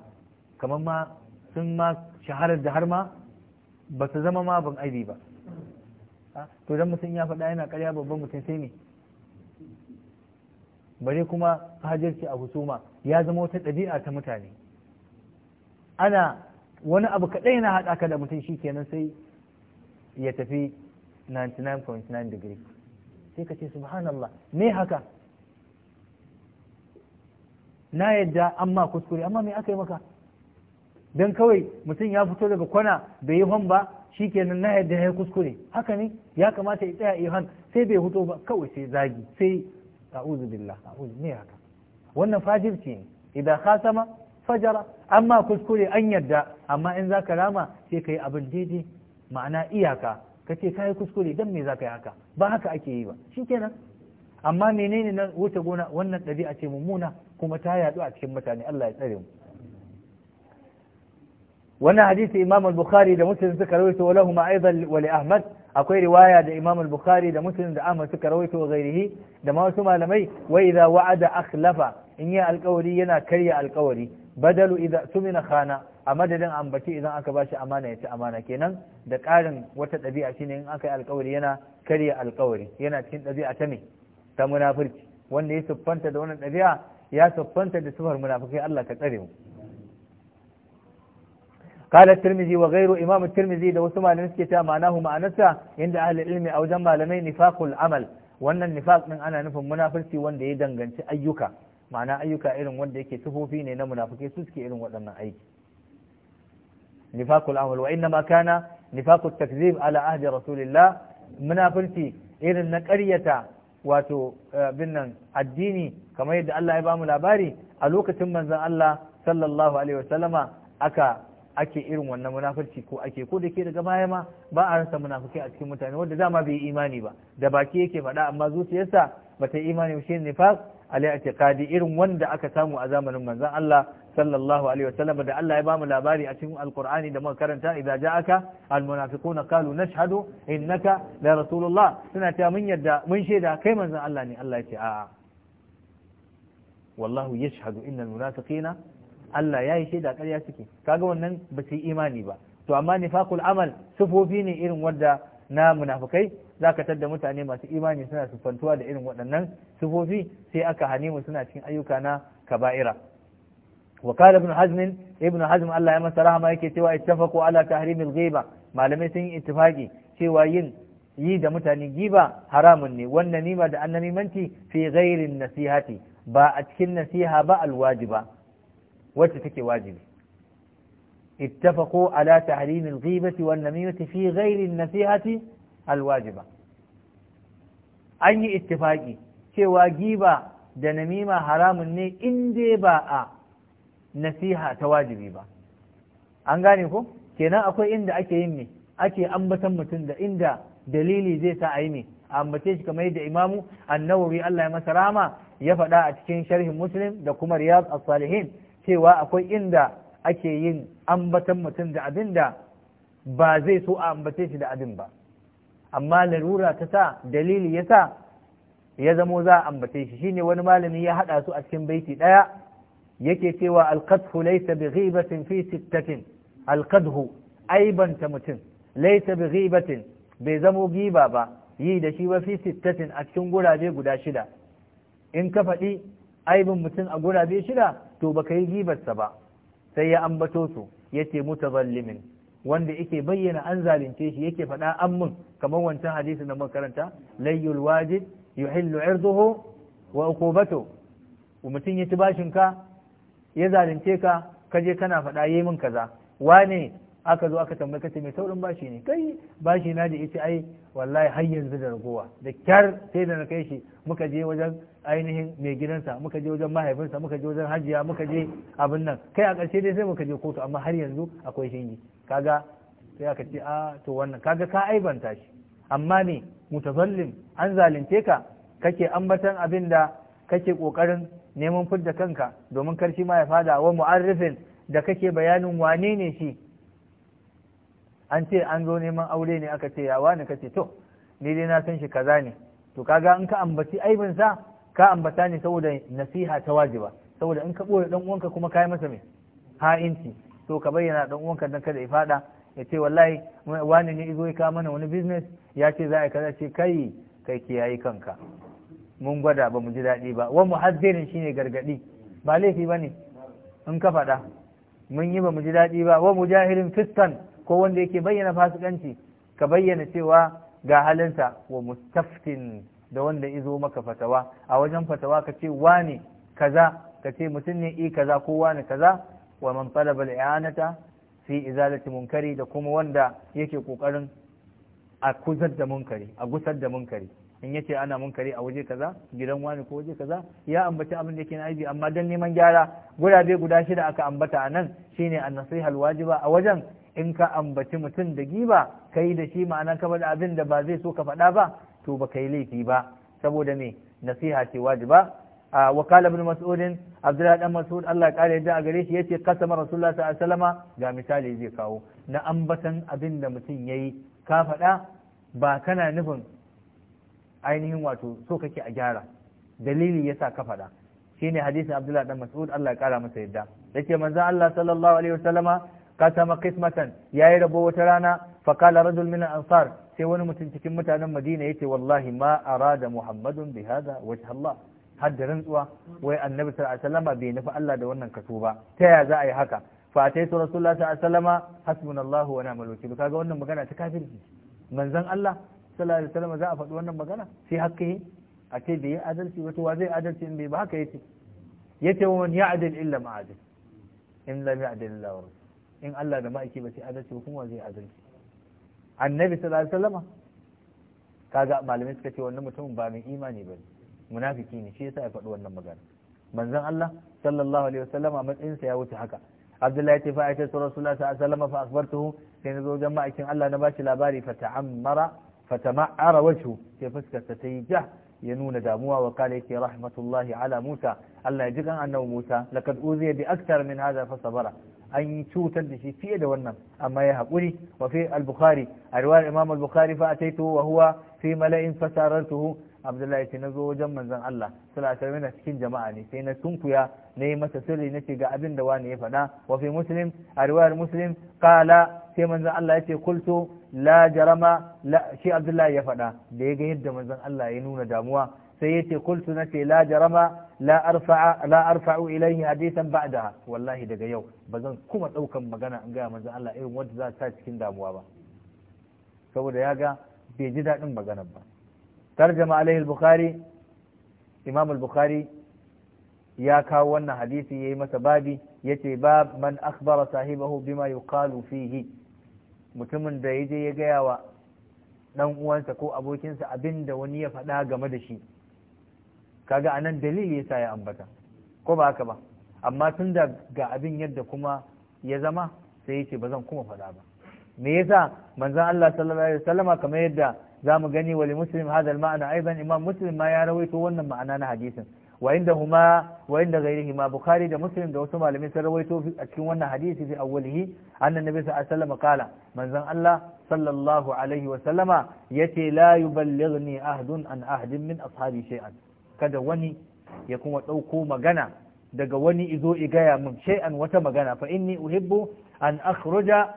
kamar ma sun ma shaharar da har ma ba su zama ma ban aibi ba to dan mutum ya faɗa yana ƙarya babban mutum sai ne bare kuma hajjarci a husuma ya zama wata ɗabi'a ta mutane ana wani abu kaɗai na haɗa ka da mutum shi kenan sai ya tafi 99.9 degree sai ka ce subhanallah me haka na yadda amma kuskure amma me aka yi maka don kawai mutum ya fito daga kwana bai yi hon ba shi kenan na yadda ya kuskure haka ne ya kamata ya tsaya yi hon sai bai fito ba kawai sai zagi sai a'udhu billah a'udhu ne haka wannan fajirci ne idan khasama fajara amma kuskure an yarda amma in zaka rama sai kai abin daidai ma'ana iyaka kace kai kuskure dan me zaka yi haka ba haka ake yi ba shikenan amma menene nan wuce gona wannan ɗabi'a ce mummuna kuma ta yadu a cikin mutane Allah ya tsare mu wannan hadisi Imam al-Bukhari da Muslim suka rawaito wa lahum aidan wa li Ahmad akwai riwaya da Imam al-Bukhari da Muslim da Ahmad suka rawaito wa ghairihi da ma wasu malamai wa idza wa'ada akhlafa in ya alkawari yana karya alkawari badalu idan sumina khana a madadin ambaci idan aka ba shi amana ya ci amana kenan da ƙarin wata ɗabi'a shine in aka yi alkawari yana karya alkawari yana cikin ɗabi'a ta me ta munafurci wanda ya siffanta da wannan ɗabi'a ya siffanta da sifar munafurci Allah ka tsare mu قال الترمذي وغيره إمام الترمذي لو سمع لنسكت معناه معنسة عند أهل العلم a جمع malamai نفاق العمل wannan النفاق من ana نفهم منافرتي wanda ya danganci ayyuka. ma'ana ayyuka irin wanda yake sufofi ne na munafukai su suke irin waɗannan aiki nifakul amal wa inna ma kana nifakul takzib ala ahdi rasulillah munafirci irin na ƙaryata wato eh, bin nan addini kamar yadda Allah ya ba mu labari a lokacin manzon Allah sallallahu alaihi wasallama aka ake irin wannan munafurci ko ake ko da ke daga baya ma ba a rasa munafuki a cikin mutane wanda dama bai imani ba da baki yake faɗa amma zuciyarsa bata imani ba shi nifaq al-i'tiqadi irin wanda aka samu a zamanin manzon Allah sallallahu alaihi wasallam da Allah ya ba mu labari a cikin alkur'ani da muka karanta idza ja'aka almunafiquna qalu nashhadu innaka la rasulullah suna ta mun yadda mun shaida kai manzan Allah ne Allah ya ce a'a wallahu yashhadu innal munafiqina Allah ya yi shaida ƙarya suke kaga wannan ba su yi imani ba to amma nifaqul amal sufofi ne irin wanda na munafukai zaka tadda mutane masu imani suna sufantuwa da irin waɗannan sifofi sai aka hane mu suna cikin ayyuka na kaba'ira wa qala ibn hazm ibn hazm Allah ya masa rahama yake cewa ittafaqu ala tahrimil ghiba malamai sun yi ittifaqi cewa yin yi da mutane giba haramun ne wannan nima da annamimanci fi ghairin nasihati ba a cikin nasiha ba alwajiba wacce take wajibi اتفقوا على تحريم الغيبة والنميمة في alwajiba. النصيحة الواجبة أي اتفاقي cewa giba da namima haramun ne in ba a nasiha ta wajibi ba an gane ko kenan akwai inda ake yin ne ake ambatan mutum da inda dalili zai sa a yi ne ambace shi kamar da imamu annawawi Allah ya masa rahama ya faɗa a cikin sharhin muslim da kuma riyad as-salihin cewa akwai inda ake yin ambatan mutum da abin da ba zai so a ambace shi da abin ba amma larura ta sa dalili ya sa ya zamo za a ambace shi shine wani malami ya haɗa su a cikin baiti ɗaya yake cewa alqadhu laysa bighibatin fi sittatin alqadhu aibanta mutum laysa bighibatin bai zamo giba ba yi da shi ba fi sittatin a cikin gurabe guda shida in ka faɗi aibin mutum a gurabe shida to baka yi gibarsa ba sai ya ambato su yace mutazallimin wanda yake bayyana an zalunce shi yake faɗa an mun kamar wancan hadisin na makaranta layyul wajib yuhillu irduhu wa uqubatu mutum ya ci bashin ka ya zalunce ka kaje kana faɗa yi min kaza wane aka zo aka tambaye kace mai saurin bashi ne kai bashi na da ita ai wallahi har yanzu da ragowa da kyar sai da na kai shi muka je wajen ainihin mai gidansa muka je wajen mahaifinsa muka je wajen hajiya muka je abin nan kai a ƙarshe dai sai muka je kotu amma har yanzu akwai shingi kaga sai aka ce a to wannan kaga ka aibanta shi amma ne mutazallim an zalunce ka kake ambatan abin da kake kokarin neman fidda kanka domin karshi ma ya fada wa mu'arrifin da kake bayanin wane ne shi an ce an zo neman aure ne aka ce ya wani ka ce to ni dai na san shi kaza ne to kaga in ka ambaci aibin sa ka ambata ne saboda nasiha ta wajiba saboda in ka boye dan uwanka kuma kai masa me ha'inci to ka bayyana dan uwanka dan kada ya fada ya ce wallahi wani ne izo ya kawo mana wani business ya ce za a kaza ce kai kai kiyaye kanka mun gwada ba mu ji daɗi ba wa muhazzirin shine gargaɗi ba laifi ba ne in ka faɗa mun yi ba mu ji daɗi ba wa mujahirin fiskan ko wanda yake bayyana fasikanci ka bayyana cewa ga halinsa wa mustaftin da wanda izo maka fatawa a wajen fatawa ka ce wane kaza ka ce mutum ne i kaza ko wane kaza wa man talaba al-i'anata fi izalati munkari da kuma wanda yake kokarin a kuzar da munkari a gusar da munkari in yace ana munkari a waje kaza gidan wani ko waje kaza ya ambaci abin da yake na aibi amma dan neman gyara gurabe guda shida aka ambata a nan shine an-nasiha al-wajiba a wajen in ka ambaci mutum da giba ka yi da shi ma'ana ka faɗi abin da ba zai so ka faɗa ba to ba ka yi laifi ba saboda me nasiha ce wajiba a qala ibn mas'ud abdullahi dan mas'ud Allah ya kare yadda a gare shi yace kasama rasulullah sallallahu alaihi wasallama ga misali zai kawo na ambatan abin da mutum yayi ka faɗa ba kana nufin ainihin wato so kake a gyara dalili yasa ka faɗa shine hadisin abdullahi dan mas'ud Allah ya kara masa yadda yace manzo Allah sallallahu alaihi wasallama qasama ya yi rabo wata rana fa qala rajul min al-ansar sai wani mutum cikin mutanen Madina ya ce wallahi ma arada Muhammadun bi hada wajh Allah da rantsuwa wai annabi sallallahu alaihi wasallam bai nufi Allah da wannan kaso ba ta ya za a yi haka fa ataitu rasulullah sallallahu alaihi wasallama hasbunallahu wa ni'mal wakeel kaga wannan magana ta kafirci manzon Allah sallallahu alaihi wasallam za a faɗi wannan magana sai haka yi a ce bai yi adalci wato wa zai adalci in bai ba haka yace yace wa man ya'dil illa ma'adil in lam ya'dil illa wa rasul in Allah da ma'aiki ba sai adalci ba kuma zai adalci annabi sallallahu alaihi wasallama kaga malamai suka ce wannan mutumin ba mai imani ba munafiki ne shi yasa ya faɗi wannan magana manzon Allah sallallahu alaihi wasallama matsayinsa ya wuce haka Abdullahi ta fa'ata su Rasulullah sallallahu alaihi wasallama fa akhbartuhu sai na zo ma'aikin Allah na bashi labari fa ta'ammara fa tama'ara wajhu sai ta yi ja ya nuna damuwa wa kala yake rahmatullahi ala Musa Allah ya ji kan annabi Musa laqad uziya bi aktar min hadha fa sabara an yi cutar da shi fiye da wannan amma ya haƙuri wa fi al-bukhari a riwayar imam al-bukhari fa ataitu wa huwa fi mala'in fasarartuhu abdullahi ce na zo wajen manzan Allah sallallahu alaihi wasallam cikin jama'a ne sai na tunkuya na yi masa sirri nace ga abin da wani ya faɗa wa fi muslim a riwayar muslim qala sai manzon Allah yace kultu la jarama la shi abdullahi ya faɗa da ya ga yadda manzan Allah ya nuna damuwa sai ya ce kultu na jarama la jarama la arfa'u ilayhi hadithan ba'da wallahi daga yau bazan kuma daukan magana in gaya manzo Allah irin wanda za ta cikin damuwa ba saboda ya ga bai ji dadin maganar ba tarjama alaihi al-bukhari imam al-bukhari ya kawo wannan hadisi yayi masa babi yace bab man akhbara sahibahu bima yuqalu fihi mutumin da yaje ya gaya wa dan uwansa ko abokinsa abinda wani ya faɗa game da shi kaga anan dalili yasa ya ambata ko ba haka ba amma tun da ga abin yadda kuma ya zama sai yace bazan kuma faɗa ba me yasa manzon Allah sallallahu alaihi wasallama kamar yadda zamu gani wa muslim hada al-ma'na aidan imam muslim ma ya rawaito wannan ma'ana na hadisin wa indahuma wa inda ghairihima bukhari da muslim da wasu malamai sun rawaito a cikin wannan hadisi fi awwalihi anna nabi sallallahu alaihi wasallama qala manzon Allah sallallahu alaihi wasallama yace la yuballighni ahdun an ahdin min ashabi shay'an kada wani ya kuma ɗauko magana daga wani izo gaya min shay'an wata magana fa inni uhibbu an akhruja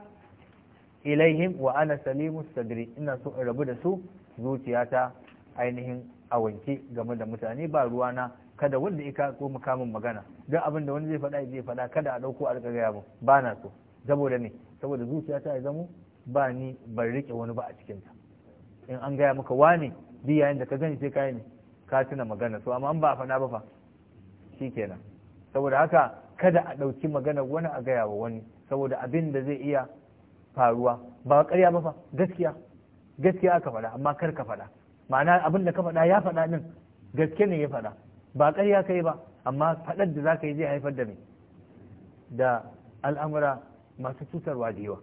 ilaihim wa ana salimu sadri ina so in rabu da su zuciyata ainihin a wanke game da mutane ba ruwana kada wanda ya ko mukamin magana duk abin da wani zai faɗa zai faɗa kada a ɗauko a ba na so saboda ne saboda zuciyata ya zamo ba ni ban riƙe wani ba a cikinta in an gaya maka wane biyayen da ka gani sai ka yi ne ka tuna magana to amma ba faɗa ba fa kenan, saboda haka kada a ɗauki magana wani a gaya wa wani saboda abin da zai iya faruwa ba ƙarya ba fa gaskiya gaskiya aka faɗa amma kar ka faɗa ma'ana abin da ka faɗa ya faɗa ɗin gaske ne ya faɗa ba ƙarya kai ba amma faɗar da za ka yi zai haifar da me da al'amura masu cutarwa da yawa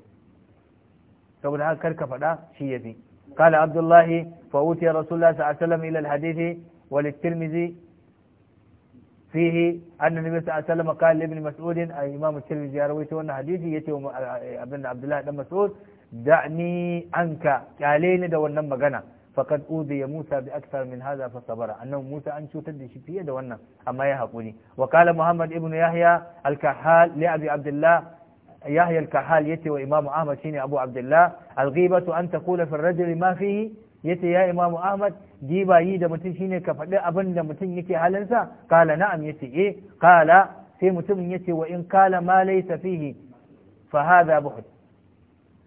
saboda haka kar ka faɗa shi ya fi قال عبد الله فأوتي رسول الله صلى الله عليه وسلم إلى الحديث وللترمذي فيه أن النبي صلى الله عليه وسلم قال لابن مسعود الإمام الترمذي يروي أن حديثي يتي ابن عبد الله بن مسعود دعني عنك قالين ده wannan magana faqad udiya Musa bi akthar min hadha fa sabara annahu Musa an cutar da shi fiye da wannan amma ya hakuri wa Muhammad ibn Yahya al-Kahhal li Yahya al-Kahhal wa Imam Ahmad shine Abu Abdullah al an ta kula ar ma yace ya imamu ahmad yi da mutum shine ka faɗi abin da mutum yake halinsa kala na'am ya ce eh kala sai mutumin ce wa in kala ma laysa fihi fa hadha buhud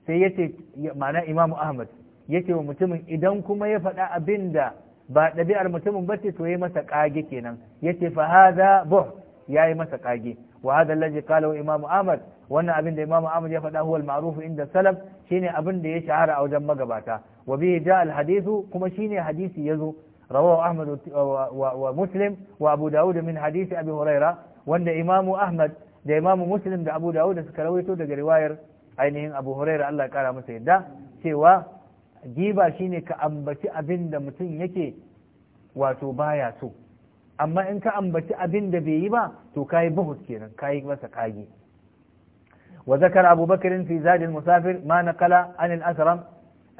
sai yace ma'ana imamu ahmad ya ce wa mutumin idan kuma ya faɗa abin da ba ɗabi'ar mutumin ba ce to ya masa kage kenan yace fa hadha ya yayi masa kage wa hadha kala qala imamu ahmad wannan abin da imamu ahmad ya fada huwa al-ma'ruf inda salaf shine abin da ya shahara a wajen magabata wa bihi ja al hadithu kuma shine hadisi yazo rawahu ahmad wa muslim wa abu daud min hadisi abi huraira wanda imamu ahmad da imamu muslim da abu daud suka rawaito daga riwayar ainihin abu huraira Allah ya kara masa yadda cewa giba shine ka ambaci abin mutum yake wato baya so amma in ka ambaci abin da bai yi ba to kayi buhut kenan kayi masa kage wa zakar abubakar fi zadil musafir ma naqala an al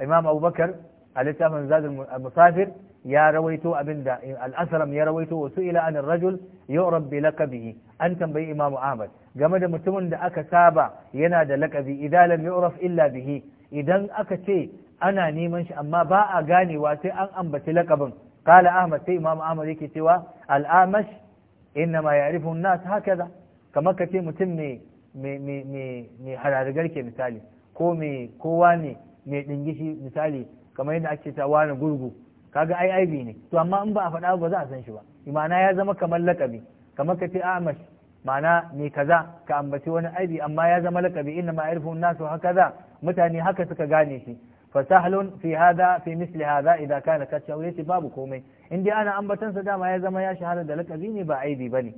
imam abubakar a littafin zadin musafir ya rawaito abinda al-asram ya rawaito wasu su'ila an rajul yu'rab bi laqabihi an tambayi imam ahmad game da mutumin da aka saba yana da lakabi, idan lam yu'raf illa bihi idan aka ce ana neman shi amma ba a ganewa sai an ambaci lakabin, qala ahmad sai imam ahmad yake cewa al-amash innama ya'rifu an-nas hakaza kamar ka ce mutum ne mai hararigar ke misali ko mai kowa ne mai ɗingishi misali kamar yadda ake ta wani gurgu kaga ai aibi ne to amma in ba a faɗa ba za a san shi ba imana ya zama kamar lakabi kamar ka ce amash ah, ma'ana me kaza ka ambaci wani aibi amma ya zama lakabi inna ma yarfu nasu hakaza mutane haka suka gane shi fasahlun fi hada fi misli hada idza kana kashaw yace babu komai in dai ana ambatan sa dama ya zama ya shahara da lakabi ne ba aibi bane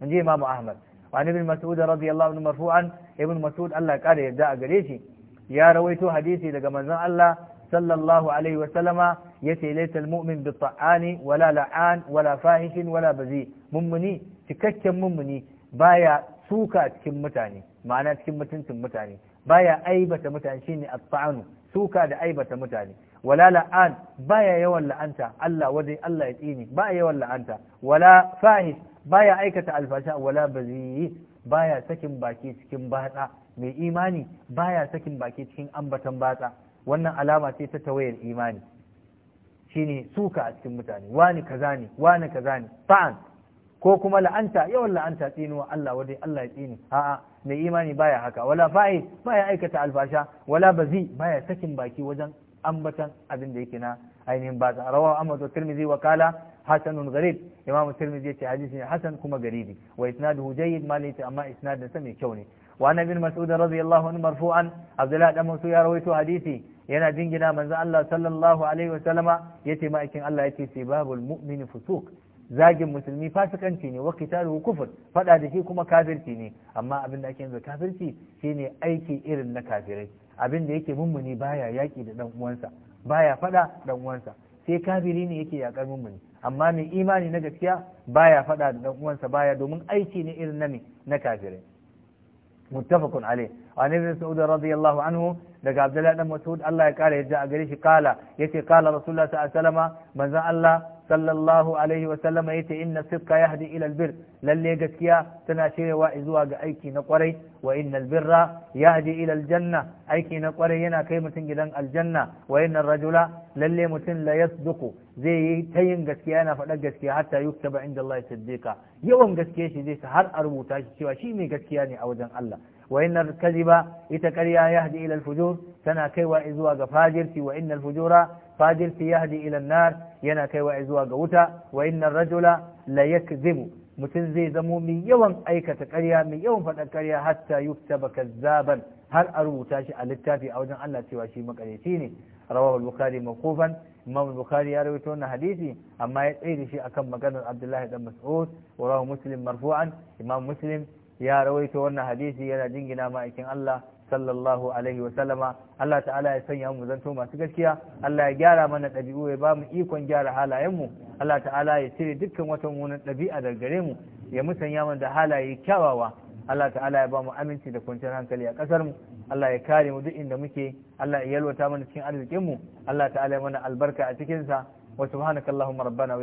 in ji imamu ahmad wa ibn mas'ud radiyallahu anhu marfu'an ibn mas'ud Allah ya kare yadda a gare shi ya rawaito hadisi daga manzon Allah sallallahu alaihi wa sallama yace laital mu'min bi ta'ani wala la'an wala fahishin wala bazi mummuni cikakken mummuni baya suka cikin mutane ma'ana cikin mutuncin mutane baya aibata mutane shine at-ta'anu suka da aibata mutane wala la'an baya yawan la'anta Allah waje Allah ya tsini baya yawan la'anta wala fahish baya aikata alfasha wala bazi baya sakin baki cikin batsa mai imani baya sakin baki cikin ambatan batsa wannan alama ce ta tawayar imani shine suka a cikin mutane wani kaza ne wani kaza ne fa'an ko kuma la'anta yawan la'anta tsinuwa Allah waje. Allah ya tsini a'a mai imani baya haka wala fa'i baya aikata alfasha wala bazi baya sakin baki wajen ambatan abin da yake na ainihin batsa rawa Ahmad wa Tirmidhi wa kala hasanun gharib imamu Tirmidhi ya ce hadisi ne hasan kuma garibi wa isnaduhu jayyid ma amma isnadin sa mai kyau ne وعن ابن مسعود رضي الله عنه مرفوعا عبد الله بن مسعود رويت حديثي yana jingina manzo Allah sallallahu alaihi wa sallama yace ma'aikin Allah yace sibabul mu'min fusuq zagin musulmi fasikanci ne wa qitaluhu kufr fada da shi kuma kafirci ne amma abin da ake yanzu kafirci shine aiki irin na kafirai abin da yake mummuni baya yaki da dan uwansa baya fada dan uwansa sai kafiri ne yake yakar mummuni amma mai imani na gaskiya baya fada da dan uwansa baya domin aiki ne irin na na kafirai muttafaqun alayh an ibn sa'ud radiyallahu anhu daga abdullahi dan mas'ud Allah ya kare yadda a gare shi kala yace kala rasulullah sallallahu alaihi wasallam Allah sallallahu alaihi wasallam yace inna sidqa yahdi ila albir lallai gaskiya tana wa zuwa ga aiki na kwarai wa inna albirra yahdi ila aljanna aiki na kwarai yana kai mutum gidan aljanna wa inna rajula lallai mutum la duku. zai yi ta yin gaskiya yana faɗar gaskiya hatta ba inda Allah siddiqa yawan gaskiya shi zai har a rubuta shi cewa shi mai gaskiya ne a wajen Allah wa innal kadhiba ita ƙarya yahdi ila al-fujur tana kaiwa zuwa ga fajirci wa innal fujura fajirci yahdi ila nar yana kaiwa zuwa ga wuta wa innal rajula la yakdhibu mutum zai zamo mai yawan aikata ƙarya mai yawan faɗar ƙarya hatta yuktaba kazzaban har a rubuta shi a littafi a wajen Allah cewa shi makareci ne rawahu al-bukhari mawqufan imam bukhari ya rawaito wannan hadisi amma ya tsaye da shi akan maganar abdullahi dan mas'ud wa rawahu muslim marfu'an imam muslim ya rawaito wannan hadisi yana jingina ma'aikin Allah sallallahu alaihi wa sallama Allah ta'ala ya sanya mu zanto masu gaskiya Allah ya gyara mana ɗabi'u ya ba mu ikon gyara halayenmu Allah ta'ala ya cire dukkan wata munan ɗabi'a daga gare mu ya musanya mana da halaye kyawawa Allah ta'ala ya ba mu aminci da kwanciyar hankali a ƙasar mu Allah ya kare mu duk inda muke Allah ya yalwata mana cikin arzikin mu Allah ta'ala ya mana albarka a cikin sa wa subhanakallahumma rabbana